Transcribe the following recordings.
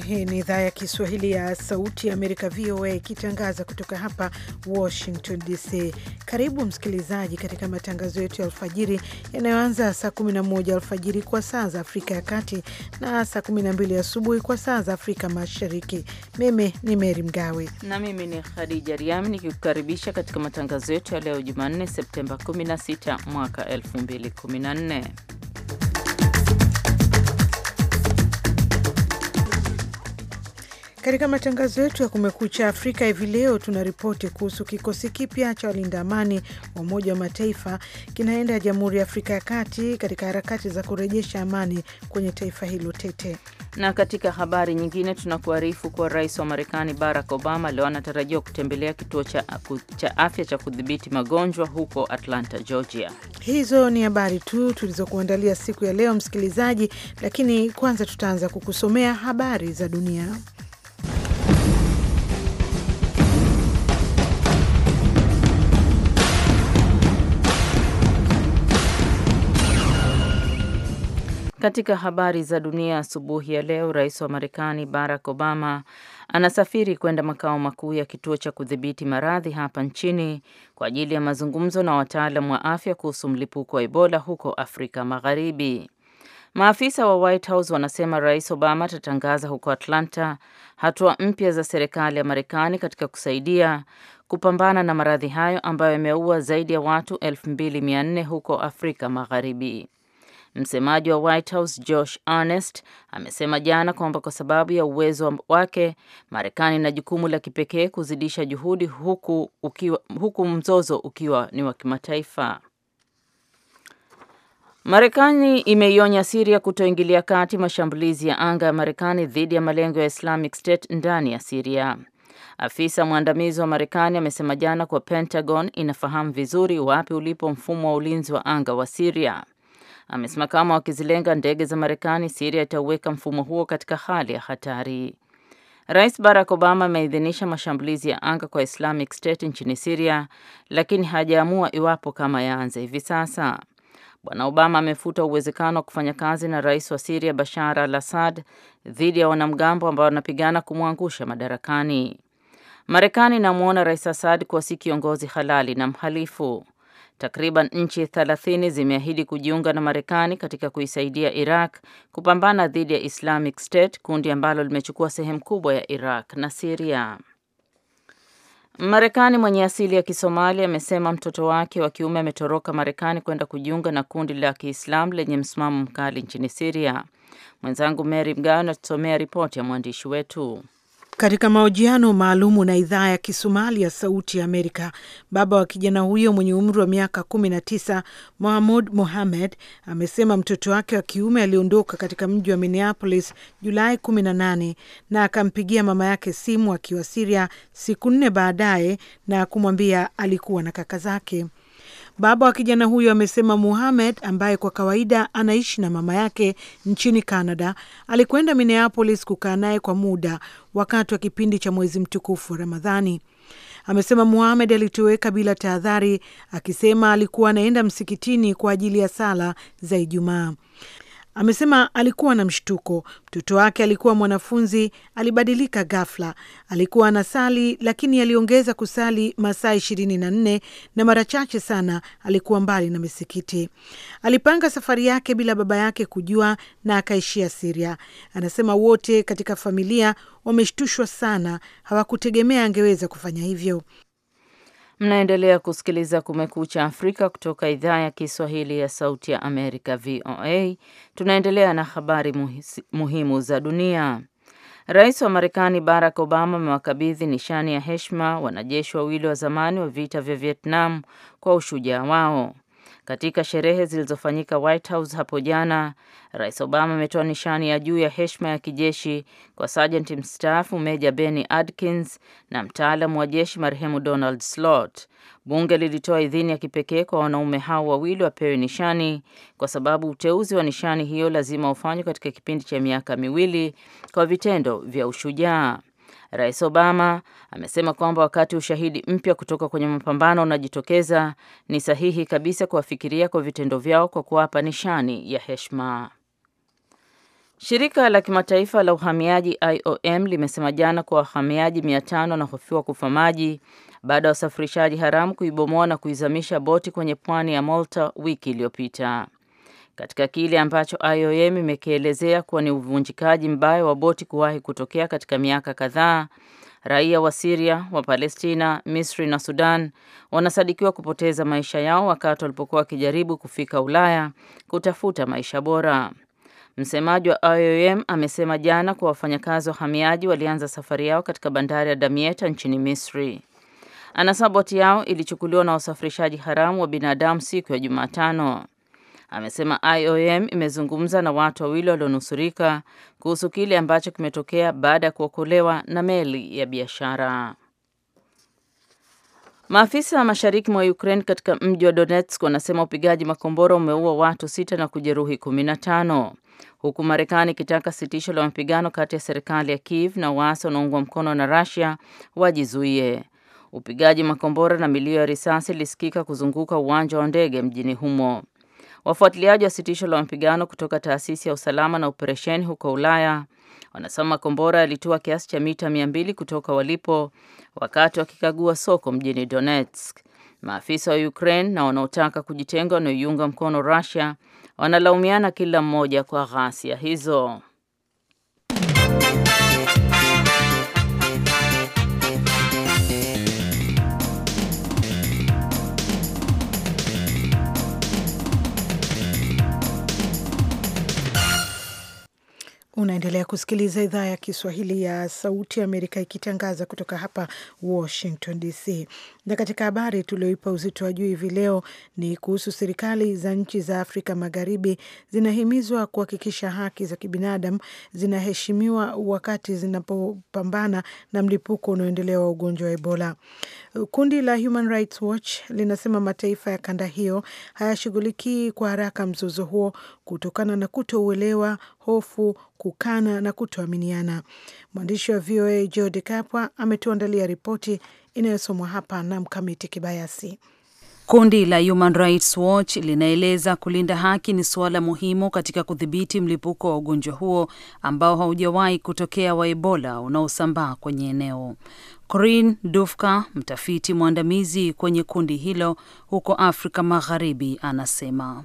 Hii ni idhaa ya Kiswahili ya Sauti ya Amerika, VOA, ikitangaza kutoka hapa Washington DC. Karibu msikilizaji katika matangazo yetu ya alfajiri yanayoanza saa 11 alfajiri kwa saa za Afrika ya Kati na saa 12 asubuhi kwa saa za Afrika Mashariki. Mimi ni Meri Mgawe na mimi ni Khadija Riami nikikukaribisha katika matangazo yetu ya leo Jumanne, Septemba 16 mwaka 2014. Katika matangazo yetu ya Kumekucha Afrika hivi leo tuna ripoti kuhusu kikosi kipya cha walinda amani wa Umoja wa Mataifa kinaenda Jamhuri ya Afrika ya Kati katika harakati za kurejesha amani kwenye taifa hilo tete. Na katika habari nyingine, tunakuarifu kuwa rais wa Marekani Barack Obama leo anatarajiwa kutembelea kituo cha, cha afya cha kudhibiti magonjwa huko Atlanta, Georgia. Hizo ni habari tu tulizokuandalia siku ya leo, msikilizaji, lakini kwanza tutaanza kukusomea habari za dunia. Katika habari za dunia asubuhi ya leo, rais wa Marekani Barack Obama anasafiri kwenda makao makuu ya kituo cha kudhibiti maradhi hapa nchini kwa ajili ya mazungumzo na wataalam wa afya kuhusu mlipuko wa Ebola huko Afrika Magharibi. Maafisa wa White House wanasema Rais Obama atatangaza huko Atlanta hatua mpya za serikali ya Marekani katika kusaidia kupambana na maradhi hayo ambayo yameua zaidi ya watu 2400 huko Afrika Magharibi. Msemaji wa White House Josh Earnest amesema jana kwamba kwa sababu ya uwezo wake, Marekani ina jukumu la kipekee kuzidisha juhudi huku, ukiwa, huku mzozo ukiwa ni wa kimataifa. Marekani imeionya Siria kutoingilia kati mashambulizi ya anga ya Marekani dhidi ya malengo ya Islamic State ndani ya Siria. Afisa mwandamizi wa Marekani amesema jana kuwa Pentagon inafahamu vizuri wapi ulipo mfumo wa ulinzi wa anga wa Siria amesema kama wakizilenga ndege za Marekani, Siria itauweka mfumo huo katika hali ya hatari. Rais Barack Obama ameidhinisha mashambulizi ya anga kwa Islamic State nchini Siria, lakini hajaamua iwapo kama yaanze hivi sasa. Bwana Obama amefuta uwezekano wa kufanya kazi na rais wa Siria Bashar al Assad dhidi ya wanamgambo ambao wanapigana kumwangusha madarakani. Marekani inamwona rais Assad kuwa si kiongozi halali na mhalifu. Takriban nchi 30 zimeahidi kujiunga na Marekani katika kuisaidia Iraq kupambana dhidi ya Islamic State, kundi ambalo limechukua sehemu kubwa ya Iraq na Siria. Marekani mwenye asili ya Kisomalia amesema mtoto wake wa kiume ametoroka Marekani kwenda kujiunga na kundi la Kiislamu lenye msimamo mkali nchini Siria. Mwenzangu Mary Mgawe anatusomea ripoti ya mwandishi wetu. Katika mahojiano maalumu na idhaa ya Kisomali ya Sauti ya Amerika, baba wa kijana huyo mwenye umri wa miaka kumi na tisa, Mahmud Mohamed, amesema mtoto wake wa kiume aliondoka katika mji wa Minneapolis Julai kumi na nane na akampigia mama yake simu akiwa Siria siku nne baadaye na kumwambia alikuwa na kaka zake. Baba wa kijana huyo amesema Muhamed, ambaye kwa kawaida anaishi na mama yake nchini Canada, alikwenda Minneapolis kukaa naye kwa muda wakati wa kipindi cha mwezi mtukufu wa Ramadhani. Amesema Muhamed alitoweka bila tahadhari, akisema alikuwa anaenda msikitini kwa ajili ya sala za Ijumaa. Amesema alikuwa na mshtuko. Mtoto wake alikuwa mwanafunzi, alibadilika ghafla. Alikuwa anasali, lakini aliongeza kusali masaa ishirini na nne na mara chache sana alikuwa mbali na misikiti. Alipanga safari yake bila baba yake kujua na akaishia Siria. Anasema wote katika familia wameshtushwa sana, hawakutegemea angeweza kufanya hivyo. Mnaendelea kusikiliza Kumekucha Afrika kutoka idhaa ya Kiswahili ya Sauti ya Amerika, VOA. Tunaendelea na habari muhimu za dunia. Rais wa Marekani Barack Obama amewakabidhi nishani ya heshima wanajeshi wawili wa zamani wa vita vya Vietnam kwa ushujaa wao. Katika sherehe zilizofanyika White House hapo jana, Rais Obama ametoa nishani ya juu ya heshima ya kijeshi kwa sergeant mstaafu Meja Benny Adkins na mtaalamu wa jeshi marehemu Donald Slot. Bunge lilitoa idhini ya kipekee kwa wanaume hao wawili wapewe nishani kwa sababu uteuzi wa nishani hiyo lazima ufanywe katika kipindi cha miaka miwili kwa vitendo vya ushujaa. Rais Obama amesema kwamba wakati ushahidi mpya kutoka kwenye mapambano unajitokeza, ni sahihi kabisa kuwafikiria kwa vitendo vyao kwa kuwapa nishani ya heshima. Shirika la kimataifa la uhamiaji IOM limesema jana kuwa wahamiaji 500 wanahofiwa kufa maji baada ya wasafirishaji haramu kuibomoa na kuizamisha boti kwenye pwani ya Malta wiki iliyopita katika kile ambacho IOM imekielezea kuwa ni uvunjikaji mbaya wa boti kuwahi kutokea katika miaka kadhaa. Raia wa Siria, wa Palestina, Misri na Sudan wanasadikiwa kupoteza maisha yao wakati walipokuwa wakijaribu kufika Ulaya kutafuta maisha bora. Msemaji wa IOM amesema jana kuwa wafanyakazi wa hamiaji walianza safari yao katika bandari ya Damietta nchini Misri. Anasema boti yao ilichukuliwa na wasafirishaji haramu wa binadamu siku ya Jumatano amesema IOM imezungumza na watu wawili walionusurika kuhusu kile ambacho kimetokea baada ya kuokolewa na meli ya biashara. Maafisa wa mashariki mwa Ukraine katika mji wa Donetsk wanasema upigaji makombora umeua watu sita na kujeruhi 15 huku Marekani ikitaka sitisho la mapigano kati ya serikali ya Kiev na waasi wanaoungwa mkono na Russia wajizuie. Upigaji makombora na milio ya risasi ilisikika kuzunguka uwanja wa ndege mjini humo. Wafuatiliaji wa sitisho la mapigano kutoka taasisi ya usalama na operesheni huko Ulaya wanasema makombora yalitua kiasi cha mita mbili kutoka walipo wakati wakikagua soko mjini Donetsk. Maafisa wa Ukraine na wanaotaka kujitenga wanaoiunga mkono Russia wanalaumiana kila mmoja kwa ghasia hizo. Unaendelea kusikiliza idhaa ya Kiswahili ya Sauti ya Amerika ikitangaza kutoka hapa Washington DC. Na katika habari tulioipa uzito wa juu hivi leo ni kuhusu serikali za nchi za Afrika Magharibi zinahimizwa kuhakikisha haki za kibinadamu zinaheshimiwa wakati zinapopambana na mlipuko unaoendelea wa ugonjwa wa Ebola. Kundi la Human Rights Watch linasema mataifa ya kanda hiyo hayashughulikii kwa haraka mzozo huo kutokana na kutouelewa hofu, kukana na kutoaminiana. Mwandishi wa VOA De Kapwa ametuandalia ripoti inayosomwa hapa na Mkamiti Kibayasi. Kundi la Human Rights Watch linaeleza kulinda haki ni suala muhimu katika kudhibiti mlipuko wa ugonjwa huo ambao haujawahi kutokea wa Ebola unaosambaa kwenye eneo. Corin Dufka, mtafiti mwandamizi kwenye kundi hilo huko Afrika Magharibi, anasema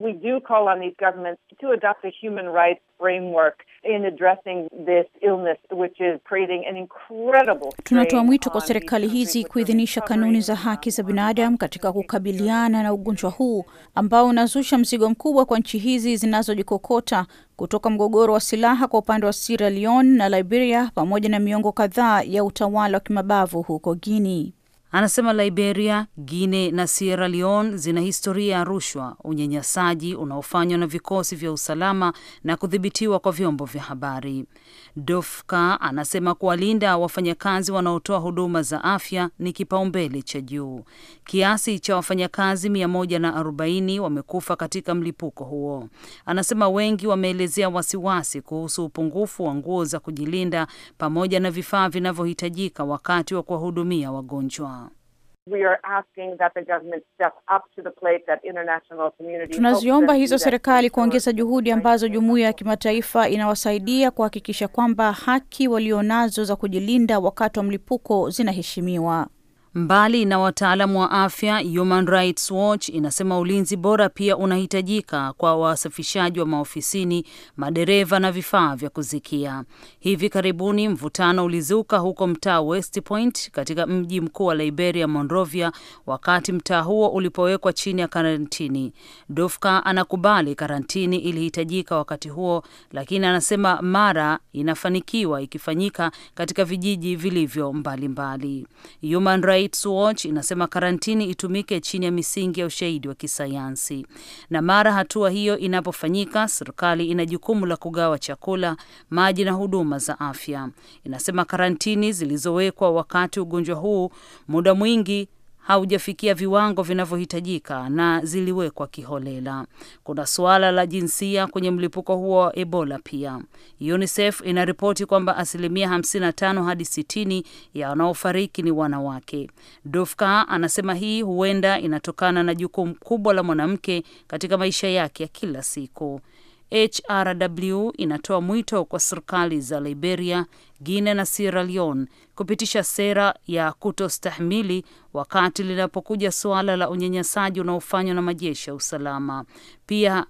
We do call on these governments to adopt a human rights framework in addressing this illness which is creating an incredible. Tunatoa mwito kwa serikali hizi kuidhinisha kanuni za haki za binadamu katika kukabiliana na ugonjwa huu ambao unazusha mzigo mkubwa kwa nchi hizi zinazojikokota kutoka mgogoro wa silaha kwa upande wa Sierra Leone na Liberia pamoja na miongo kadhaa ya utawala wa kimabavu huko Guinea. Anasema Liberia, guine na Sierra Leone zina historia ya rushwa, unyanyasaji unaofanywa na vikosi vya usalama na kudhibitiwa kwa vyombo vya habari. Dofka anasema kuwalinda wafanyakazi wanaotoa huduma za afya ni kipaumbele cha juu. Kiasi cha wafanyakazi 140 wamekufa katika mlipuko huo. Anasema wengi wameelezea wasiwasi kuhusu upungufu wa nguo za kujilinda pamoja na vifaa vinavyohitajika wakati wa kuwahudumia wagonjwa. We are asking that the government step up to the plate, that international community. Tunaziomba hizo serikali kuongeza juhudi ambazo jumuiya ya kimataifa inawasaidia kuhakikisha kwamba haki walionazo za kujilinda wakati wa mlipuko zinaheshimiwa. Mbali na wataalamu wa afya, Human Rights Watch inasema ulinzi bora pia unahitajika kwa wasafishaji wa maofisini, madereva na vifaa vya kuzikia. Hivi karibuni mvutano ulizuka huko mtaa West Point katika mji mkuu wa Liberia, Monrovia, wakati mtaa huo ulipowekwa chini ya karantini. Dufka anakubali karantini ilihitajika wakati huo, lakini anasema mara inafanikiwa ikifanyika katika vijiji vilivyo mbalimbali mbali. Rights Watch inasema karantini itumike chini ya misingi ya ushahidi wa kisayansi, na mara hatua hiyo inapofanyika, serikali ina jukumu la kugawa chakula, maji na huduma za afya. Inasema karantini zilizowekwa wakati ugonjwa huu muda mwingi haujafikia viwango vinavyohitajika na ziliwekwa kiholela. Kuna suala la jinsia kwenye mlipuko huo wa Ebola pia. UNICEF inaripoti kwamba asilimia 55 hadi 60 ya wanaofariki ni wanawake. Dofka anasema hii huenda inatokana na jukumu kubwa la mwanamke katika maisha yake ya kila siku. HRW inatoa mwito kwa serikali za Liberia, Guinea na Sierra Leone kupitisha sera ya kutostahimili wakati linapokuja suala la unyanyasaji unaofanywa na majeshi ya usalama. Pia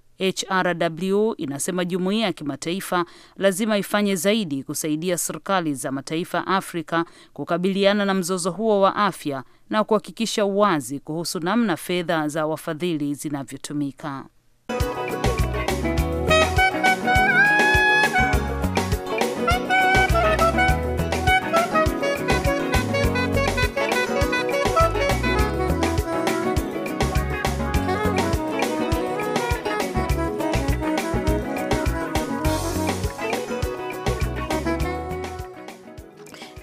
HRW inasema jumuiya ya kimataifa lazima ifanye zaidi kusaidia serikali za mataifa Afrika kukabiliana na mzozo huo wa afya na kuhakikisha uwazi kuhusu namna fedha za wafadhili zinavyotumika.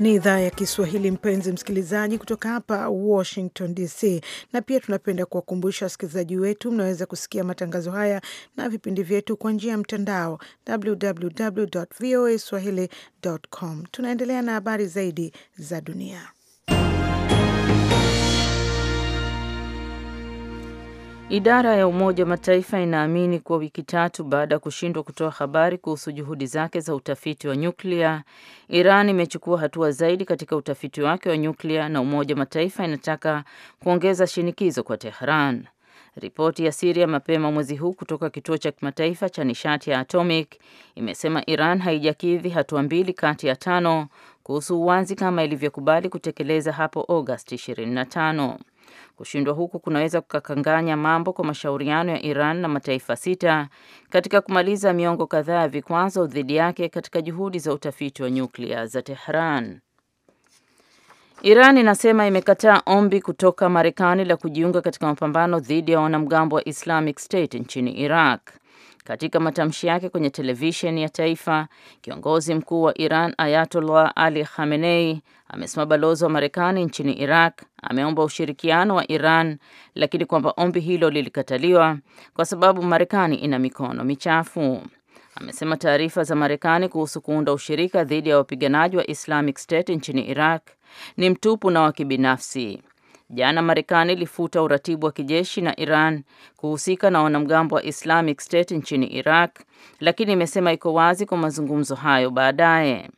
Ni idhaa ya Kiswahili, mpenzi msikilizaji, kutoka hapa Washington DC, na pia tunapenda kuwakumbusha wasikilizaji wetu, mnaweza kusikia matangazo haya na vipindi vyetu kwa njia ya mtandao www voa swahili com. Tunaendelea na habari zaidi za dunia. Idara ya Umoja wa Mataifa inaamini kuwa wiki tatu baada ya kushindwa kutoa habari kuhusu juhudi zake za utafiti wa nyuklia, Iran imechukua hatua zaidi katika utafiti wake wa nyuklia na Umoja wa Mataifa inataka kuongeza shinikizo kwa Tehran. Ripoti ya Siria mapema mwezi huu kutoka kituo cha kimataifa cha nishati ya atomic imesema Iran haijakidhi hatua mbili kati ya tano kuhusu uwazi kama ilivyokubali kutekeleza hapo Agosti 25. Kushindwa huku kunaweza kukakanganya mambo kwa mashauriano ya Iran na mataifa sita katika kumaliza miongo kadhaa ya vikwazo dhidi yake katika juhudi za utafiti wa nyuklia za Tehran. Iran inasema imekataa ombi kutoka Marekani la kujiunga katika mapambano dhidi ya wanamgambo wa Islamic State nchini Iraq. Katika matamshi yake kwenye televisheni ya taifa, kiongozi mkuu wa Iran Ayatollah Ali Khamenei amesema balozi wa Marekani nchini Iraq ameomba ushirikiano wa Iran, lakini kwamba ombi hilo lilikataliwa kwa sababu Marekani ina mikono michafu. Amesema taarifa za Marekani kuhusu kuunda ushirika dhidi ya wapiganaji wa Islamic State nchini Iraq ni mtupu na wa kibinafsi. Jana Marekani ilifuta uratibu wa kijeshi na Iran kuhusika na wanamgambo wa Islamic State nchini Iraq, lakini imesema iko wazi kwa mazungumzo hayo baadaye.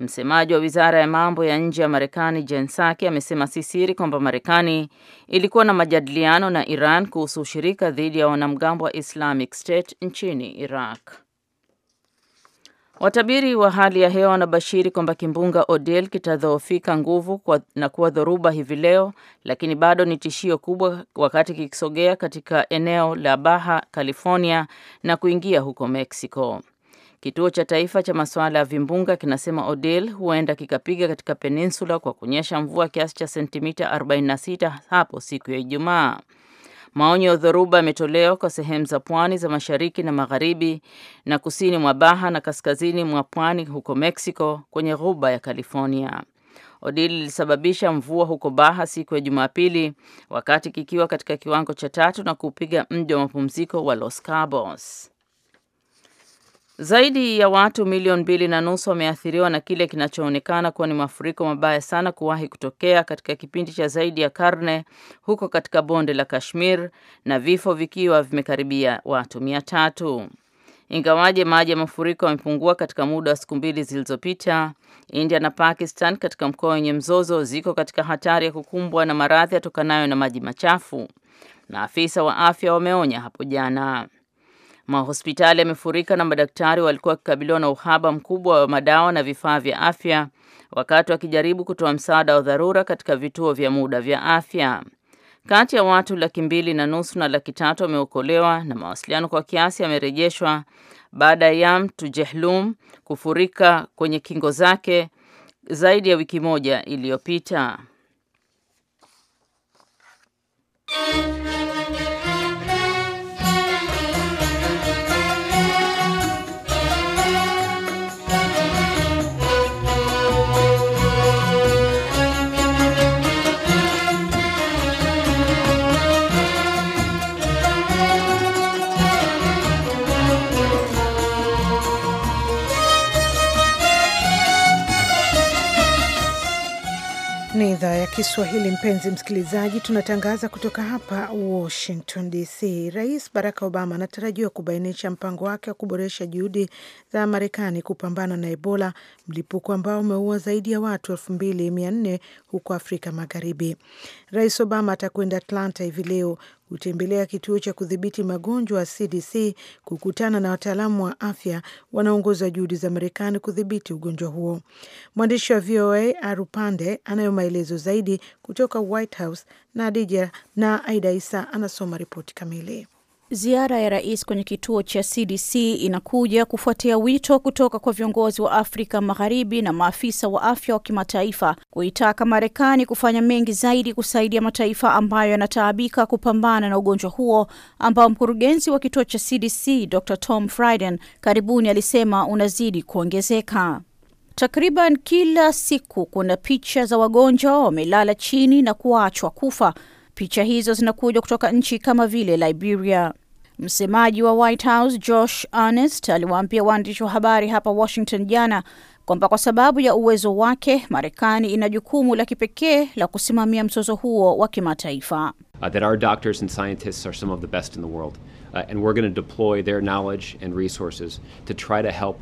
Msemaji wa wizara ya mambo ya nje ya Marekani Jen Psaki amesema si siri kwamba Marekani ilikuwa na majadiliano na Iran kuhusu ushirika dhidi ya wanamgambo wa Islamic State nchini Iraq. Watabiri wa hali ya hewa wanabashiri kwamba kimbunga Odile kitadhoofika nguvu na kuwa dhoruba hivi leo, lakini bado ni tishio kubwa wakati kikisogea katika eneo la Baja California na kuingia huko Mexico. Kituo cha Taifa cha Masuala ya Vimbunga kinasema Odile huenda kikapiga katika peninsula kwa kunyesha mvua kiasi cha sentimita 46 hapo siku ya Ijumaa. Maonyo ya dhoruba yametolewa kwa sehemu za pwani za mashariki na magharibi na kusini mwa Baha na kaskazini mwa pwani huko Mexico kwenye ghuba ya California. odili ilisababisha mvua huko Baha siku ya Jumapili wakati kikiwa katika kiwango cha tatu na kupiga mji wa mapumziko wa Los Cabos. Zaidi ya watu milioni mbili na nusu wameathiriwa na kile kinachoonekana kuwa ni mafuriko mabaya sana kuwahi kutokea katika kipindi cha zaidi ya karne huko katika bonde la Kashmir na vifo vikiwa vimekaribia watu mia tatu. Ingawaje maji ya mafuriko yamepungua katika muda wa siku mbili zilizopita, India na Pakistan katika mkoa wenye mzozo ziko katika hatari ya kukumbwa na maradhi yatokanayo na maji machafu. Maafisa wa afya wameonya hapo jana. Mahospitali yamefurika na madaktari walikuwa wakikabiliwa na uhaba mkubwa wa madawa na vifaa vya afya wakati wakijaribu kutoa msaada wa dharura katika vituo vya muda vya afya. Kati ya watu laki mbili na nusu na laki tatu wameokolewa na mawasiliano kwa kiasi yamerejeshwa baada ya Yam Tujehlum kufurika kwenye kingo zake zaidi ya wiki moja iliyopita. Kiswahili. Mpenzi msikilizaji, tunatangaza kutoka hapa Washington DC. Rais Barack Obama anatarajiwa kubainisha mpango wake wa kuboresha juhudi za Marekani kupambana na Ebola, mlipuko ambao umeua zaidi ya watu elfu mbili mia nne huko Afrika Magharibi. Rais Obama atakwenda Atlanta hivi leo hutembelea kituo cha kudhibiti magonjwa CDC kukutana na wataalamu wa afya wanaongoza juhudi za Marekani kudhibiti ugonjwa huo. Mwandishi wa VOA Arupande anayo maelezo zaidi kutoka White House na Adija na Aida Isa anasoma ripoti kamili. Ziara ya rais kwenye kituo cha CDC inakuja kufuatia wito kutoka kwa viongozi wa Afrika Magharibi na maafisa wa afya wa kimataifa kuitaka Marekani kufanya mengi zaidi kusaidia mataifa ambayo yanataabika kupambana na ugonjwa huo ambao mkurugenzi wa kituo cha CDC Dr Tom Frieden karibuni alisema unazidi kuongezeka. Takriban kila siku kuna picha za wagonjwa wamelala chini na kuachwa kufa Picha hizo zinakuja kutoka nchi kama vile Liberia. Msemaji wa White House Josh Earnest aliwaambia waandishi wa habari hapa Washington jana kwamba kwa sababu ya uwezo wake, Marekani ina jukumu la kipekee la kusimamia mzozo huo wa kimataifa. Uh, that our doctors and scientists are some of the best in the world uh, and we're going to deploy their knowledge and resources to try to help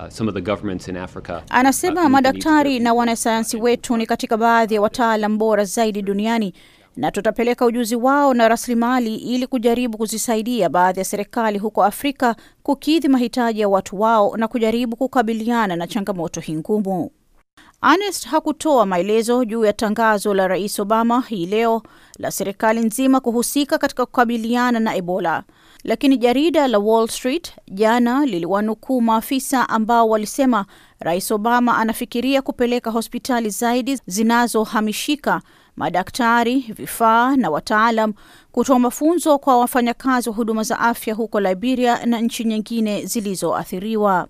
uh, some of the governments in Africa. Uh, Anasema uh, madaktari na wanasayansi wetu ni katika baadhi ya wataalam bora zaidi duniani na tutapeleka ujuzi wao na rasilimali ili kujaribu kuzisaidia baadhi ya serikali huko Afrika kukidhi mahitaji ya watu wao na kujaribu kukabiliana na changamoto hii ngumu. Anest hakutoa maelezo juu ya tangazo la Rais Obama hii leo la serikali nzima kuhusika katika kukabiliana na Ebola, lakini jarida la Wall Street jana liliwanukuu maafisa ambao walisema Rais Obama anafikiria kupeleka hospitali zaidi zinazohamishika madaktari, vifaa na wataalam kutoa mafunzo kwa wafanyakazi wa huduma za afya huko Liberia na nchi nyingine zilizoathiriwa.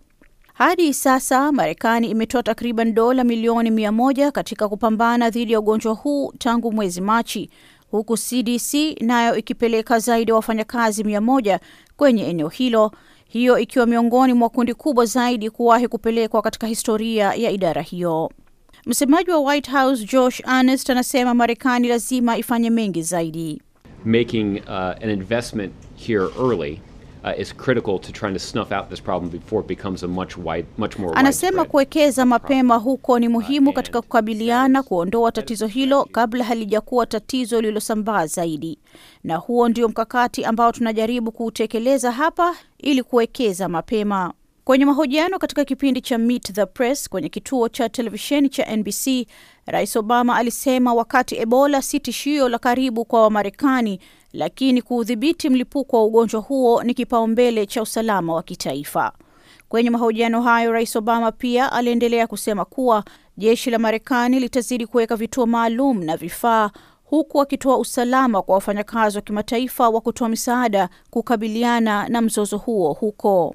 Hadi sasa Marekani imetoa takriban dola milioni mia moja katika kupambana dhidi ya ugonjwa huu tangu mwezi Machi, huku CDC nayo ikipeleka zaidi ya wafanyakazi mia moja kwenye eneo hilo, hiyo ikiwa miongoni mwa kundi kubwa zaidi kuwahi kupelekwa katika historia ya idara hiyo. Msemaji wa White House Josh Earnest anasema Marekani lazima ifanye mengi zaidi. Making uh, an investment here early uh, is critical to trying to snuff out this problem before it becomes a much wide, much more anasema kuwekeza mapema huko ni muhimu uh, katika kukabiliana kuondoa tatizo hilo kabla halijakuwa tatizo lililosambaa zaidi, na huo ndio mkakati ambao tunajaribu kuutekeleza hapa ili kuwekeza mapema. Kwenye mahojiano katika kipindi cha Meet the Press kwenye kituo cha televisheni cha NBC, Rais Obama alisema wakati Ebola si tishio la karibu kwa Wamarekani, lakini kuudhibiti mlipuko wa ugonjwa huo ni kipaumbele cha usalama wa kitaifa. Kwenye mahojiano hayo, Rais Obama pia aliendelea kusema kuwa jeshi la Marekani litazidi kuweka vituo maalum na vifaa huku akitoa usalama kwa wafanyakazi wa kimataifa wa kutoa misaada kukabiliana na mzozo huo huko.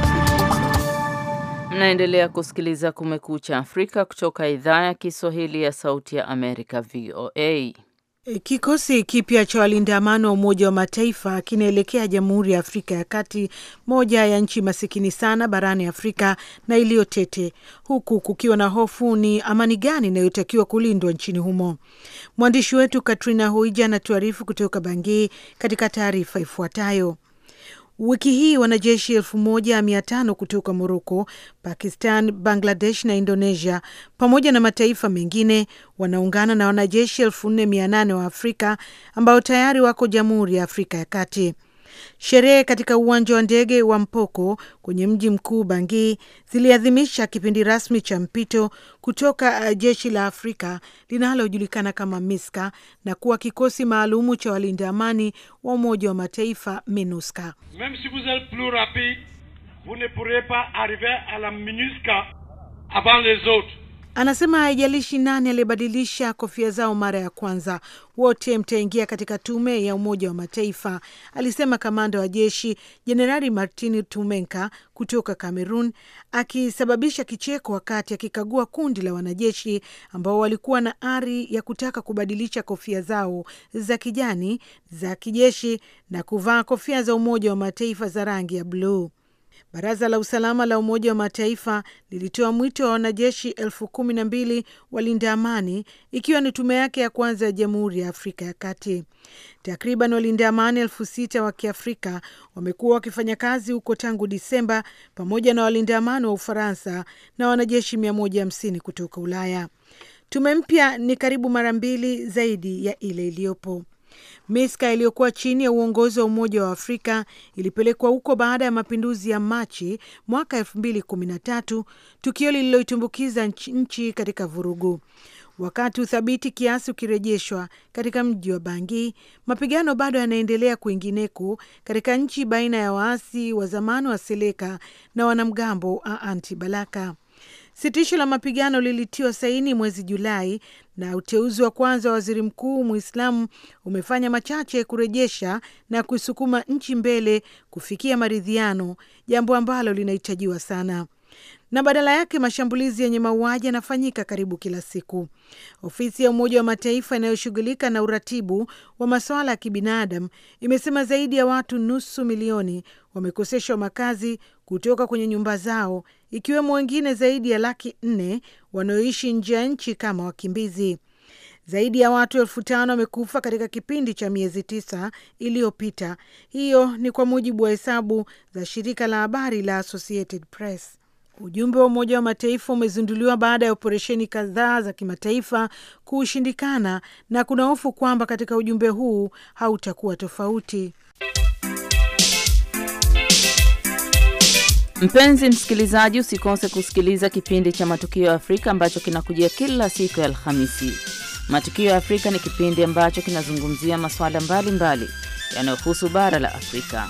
Mnaendelea kusikiliza Kumekucha Afrika kutoka idhaa ya Kiswahili ya Sauti ya Amerika, VOA. Kikosi kipya cha walinda amani wa Umoja wa Mataifa kinaelekea Jamhuri ya Afrika ya Kati, moja ya nchi masikini sana barani Afrika na iliyotete, huku kukiwa na hofu ni amani gani inayotakiwa kulindwa nchini humo. Mwandishi wetu Katrina Hoija anatuarifu kutoka Bangui katika taarifa ifuatayo. Wiki hii wanajeshi elfu moja mia tano kutoka Moroko, Pakistan, Bangladesh na Indonesia pamoja na mataifa mengine wanaungana na wanajeshi elfu nne mia nane wa Afrika ambao tayari wako Jamhuri ya Afrika ya Kati. Sherehe katika uwanja wa ndege wa Mpoko kwenye mji mkuu Bangi ziliadhimisha kipindi rasmi cha mpito kutoka uh, jeshi la Afrika linalojulikana kama MISCA na kuwa kikosi maalumu cha walinda amani wa Umoja wa Mataifa MINUSCA. Anasema haijalishi nani aliyebadilisha kofia zao mara ya kwanza, wote mtaingia katika tume ya Umoja wa Mataifa, alisema kamanda wa jeshi Jenerali Martin Tumenka kutoka Kamerun, akisababisha kicheko wakati akikagua kundi la wanajeshi ambao walikuwa na ari ya kutaka kubadilisha kofia zao za kijani za kijeshi na kuvaa kofia za Umoja wa Mataifa za rangi ya bluu. Baraza la usalama la Umoja wa Mataifa lilitoa mwito wa wanajeshi elfu kumi na mbili walinda amani, ikiwa ni tume yake ya kwanza ya Jamhuri ya Afrika ya Kati. Takriban walinda amani elfu sita wa Kiafrika wamekuwa wakifanya kazi huko tangu Disemba, pamoja na walinda amani wa Ufaransa na wanajeshi mia moja hamsini kutoka Ulaya. Tume mpya ni karibu mara mbili zaidi ya ile iliyopo. Miska iliyokuwa chini ya uongozi wa Umoja wa Afrika ilipelekwa huko baada ya mapinduzi ya Machi mwaka elfu mbili kumi na tatu, tukio lililoitumbukiza nchi katika vurugu. Wakati uthabiti kiasi ukirejeshwa katika mji wa Bangi, mapigano bado yanaendelea kwingineko katika nchi baina ya waasi wa zamani wa Seleka na wanamgambo wa Anti Balaka. Sitisho la mapigano lilitiwa saini mwezi Julai na uteuzi wa kwanza wa waziri mkuu Mwislamu umefanya machache kurejesha na kuisukuma nchi mbele kufikia maridhiano, jambo ambalo linahitajiwa sana na badala yake mashambulizi yenye mauaji yanafanyika karibu kila siku. Ofisi ya Umoja wa Mataifa inayoshughulika na uratibu wa masuala ya kibinadamu imesema zaidi ya watu nusu milioni wamekoseshwa makazi kutoka kwenye nyumba zao, ikiwemo wengine zaidi ya laki nne wanaoishi nje ya nchi kama wakimbizi. Zaidi ya watu elfu tano wamekufa katika kipindi cha miezi tisa iliyopita. Hiyo ni kwa mujibu wa hesabu za shirika la habari la Associated Press. Ujumbe wa Umoja wa Mataifa umezinduliwa baada ya operesheni kadhaa za kimataifa kuushindikana, na kuna hofu kwamba katika ujumbe huu hautakuwa tofauti. Mpenzi msikilizaji, usikose kusikiliza kipindi cha Matukio ya Afrika ambacho kinakujia kila siku ya Alhamisi. Matukio ya Afrika ni kipindi ambacho kinazungumzia masuala mbalimbali yanayohusu bara la Afrika.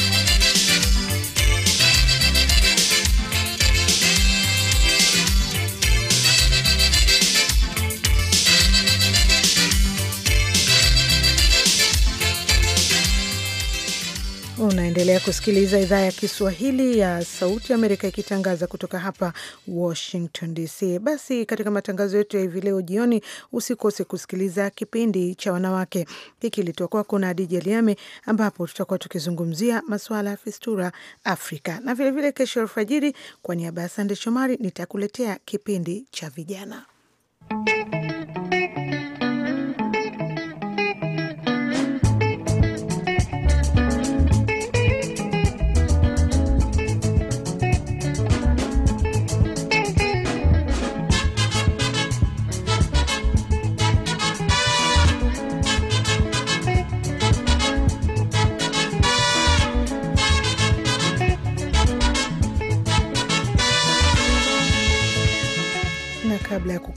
Unaendelea kusikiliza idhaa ya Kiswahili ya Sauti Amerika ikitangaza kutoka hapa Washington DC. Basi katika matangazo yetu ya hivi leo jioni, usikose kusikiliza kipindi cha wanawake hiki ilitoa kwako na Adija Liame, ambapo tutakuwa tukizungumzia masuala ya fistura Afrika na vilevile vile kesho alfajiri, kwa niaba ya Sande Shomari nitakuletea kipindi cha vijana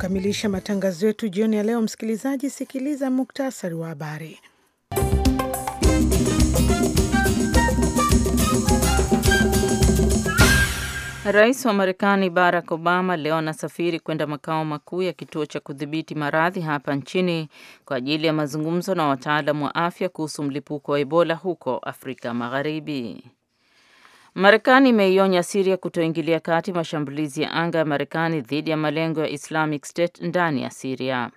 kukamilisha matangazo yetu jioni ya leo, msikilizaji, sikiliza muktasari wa habari. Rais wa Marekani Barack Obama leo anasafiri kwenda makao makuu ya kituo cha kudhibiti maradhi hapa nchini kwa ajili ya mazungumzo na wataalam wa afya kuhusu mlipuko wa Ebola huko Afrika Magharibi. Marekani imeionya Siria kutoingilia kati mashambulizi ya anga ya Marekani dhidi ya malengo ya Islamic State ndani ya Siria.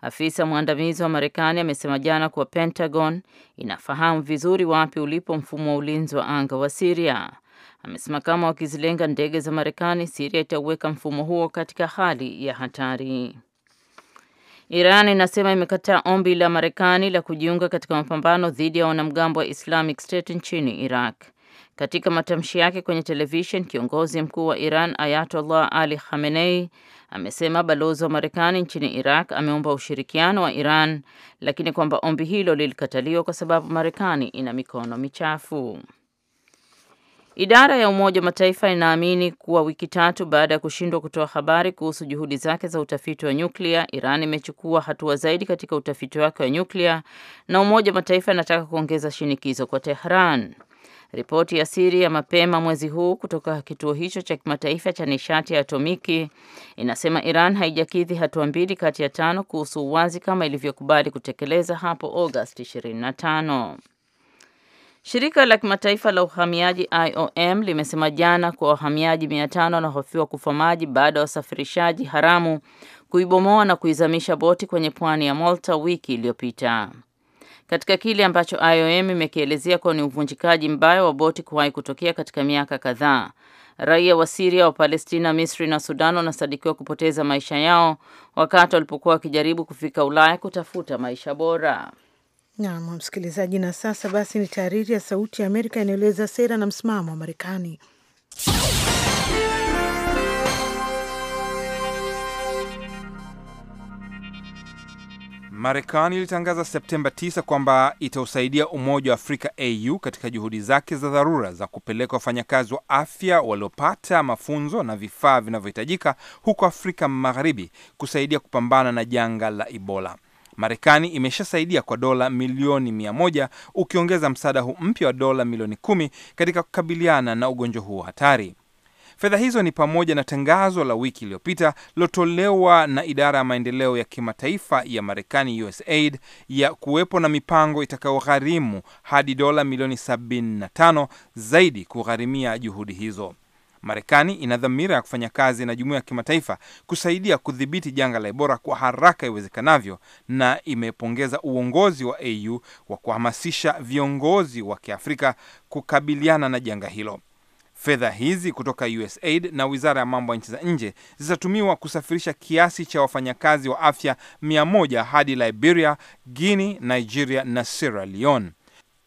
Afisa mwandamizi wa Marekani amesema jana kuwa Pentagon inafahamu vizuri wapi ulipo mfumo wa ulinzi wa anga wa Siria. Amesema kama wakizilenga ndege za Marekani, Siria itauweka mfumo huo katika hali ya hatari. Iran inasema imekataa ombi la Marekani la kujiunga katika mapambano dhidi ya wanamgambo wa Islamic State nchini Iraq. Katika matamshi yake kwenye televishen, kiongozi mkuu wa Iran Ayatollah Ali Khamenei amesema balozi wa Marekani nchini Iraq ameomba ushirikiano wa Iran, lakini kwamba ombi hilo lilikataliwa kwa sababu Marekani ina mikono michafu. Idara ya Umoja wa Mataifa inaamini kuwa wiki tatu baada ya kushindwa kutoa habari kuhusu juhudi zake za utafiti wa nyuklia, Iran imechukua hatua zaidi katika utafiti wake wa nyuklia na Umoja wa Mataifa inataka kuongeza shinikizo kwa Tehran. Ripoti ya siri ya mapema mwezi huu kutoka kituo hicho cha kimataifa cha nishati ya atomiki inasema Iran haijakidhi hatua mbili kati ya tano kuhusu uwazi kama ilivyokubali kutekeleza hapo Agosti 25. Shirika la kimataifa la uhamiaji IOM limesema jana kuwa wahamiaji 500 wanahofiwa kufa maji baada ya wasafirishaji haramu kuibomoa na kuizamisha boti kwenye pwani ya Malta wiki iliyopita katika kile ambacho IOM imekielezea kuwa ni uvunjikaji mbaya wa boti kuwahi kutokea katika miaka kadhaa. Raia wa Siria, wa Palestina, Misri na Sudan wanasadikiwa kupoteza maisha yao wakati walipokuwa wakijaribu kufika Ulaya kutafuta maisha bora. Naam, msikilizaji, na sasa basi ni tahariri ya Sauti ya Amerika inayoeleza sera na msimamo wa Marekani. Marekani ilitangaza Septemba 9 kwamba itausaidia Umoja wa Afrika AU katika juhudi zake za dharura za kupeleka wafanyakazi wa afya waliopata mafunzo na vifaa vinavyohitajika huko Afrika Magharibi kusaidia kupambana na janga la Ebola. Marekani imeshasaidia kwa dola milioni mia moja ukiongeza msaada huu mpya wa dola milioni kumi katika kukabiliana na ugonjwa huo hatari. Fedha hizo ni pamoja na tangazo la wiki iliyopita lilotolewa na idara ya maendeleo ya kimataifa ya Marekani, USAID, ya kuwepo na mipango itakayogharimu hadi dola milioni 75 zaidi kugharimia juhudi hizo. Marekani ina dhamira ya kufanya kazi na jumuiya ya kimataifa kusaidia kudhibiti janga la Ebola kwa haraka iwezekanavyo, na imepongeza uongozi wa AU wa kuhamasisha viongozi wa Kiafrika kukabiliana na janga hilo. Fedha hizi kutoka USAID na wizara ya mambo ya nchi za nje zitatumiwa kusafirisha kiasi cha wafanyakazi wa afya 100 hadi Liberia, Guinea, Nigeria na Sierra Leone,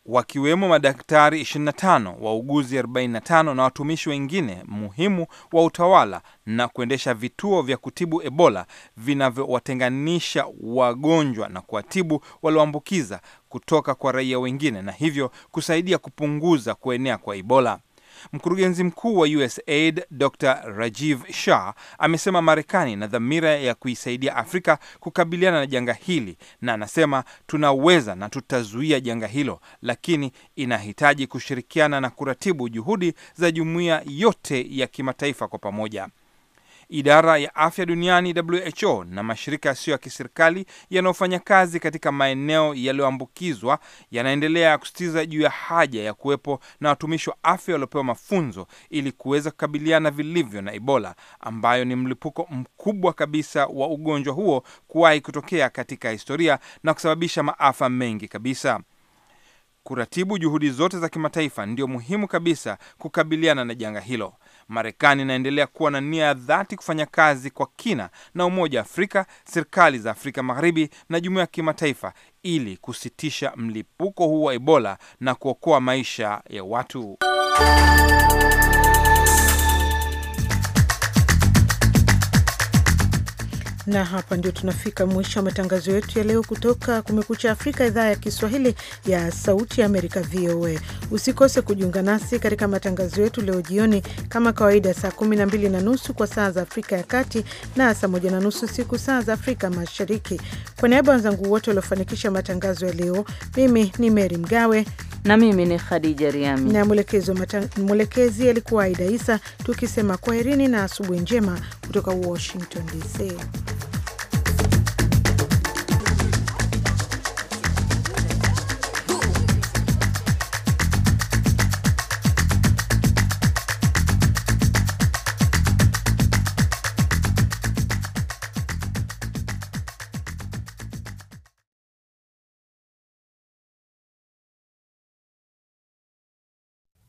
wakiwemo madaktari 25, wauguzi 45 na watumishi wengine muhimu wa utawala na kuendesha vituo vya kutibu Ebola vinavyowatenganisha wagonjwa na kuwatibu walioambukiza kutoka kwa raia wengine na hivyo kusaidia kupunguza kuenea kwa Ebola. Mkurugenzi mkuu wa USAID Dr Rajiv Shah amesema Marekani ina dhamira ya kuisaidia Afrika kukabiliana na janga hili, na anasema tunaweza na tutazuia janga hilo, lakini inahitaji kushirikiana na kuratibu juhudi za jumuiya yote ya kimataifa kwa pamoja. Idara ya afya duniani WHO na mashirika yasiyo ya kiserikali yanayofanya kazi katika maeneo yaliyoambukizwa yanaendelea kusitiza juu ya haja ya kuwepo na watumishi wa afya waliopewa mafunzo ili kuweza kukabiliana vilivyo na Ebola ambayo ni mlipuko mkubwa kabisa wa ugonjwa huo kuwahi kutokea katika historia na kusababisha maafa mengi kabisa. Kuratibu juhudi zote za kimataifa ndio muhimu kabisa kukabiliana na janga hilo. Marekani inaendelea kuwa na nia ya dhati kufanya kazi kwa kina na Umoja wa Afrika, serikali za Afrika Magharibi na jumuiya ya kimataifa ili kusitisha mlipuko huu wa Ebola na kuokoa maisha ya watu. Na hapa ndio tunafika mwisho wa matangazo yetu ya leo kutoka Kumekucha Afrika, idhaa ya Kiswahili ya Sauti ya Amerika, VOA. Usikose kujiunga nasi katika matangazo yetu leo jioni, kama kawaida, saa 12 na nusu kwa saa za Afrika ya Kati na saa 1 na nusu siku saa za Afrika Mashariki. Kwa niaba ya wenzangu wote waliofanikisha matangazo ya leo, mimi ni Meri Mgawe na mimi ni Khadija Riami na mwelekezi alikuwa Aida Isa, tukisema kwaherini na asubuhi njema kutoka Washington DC.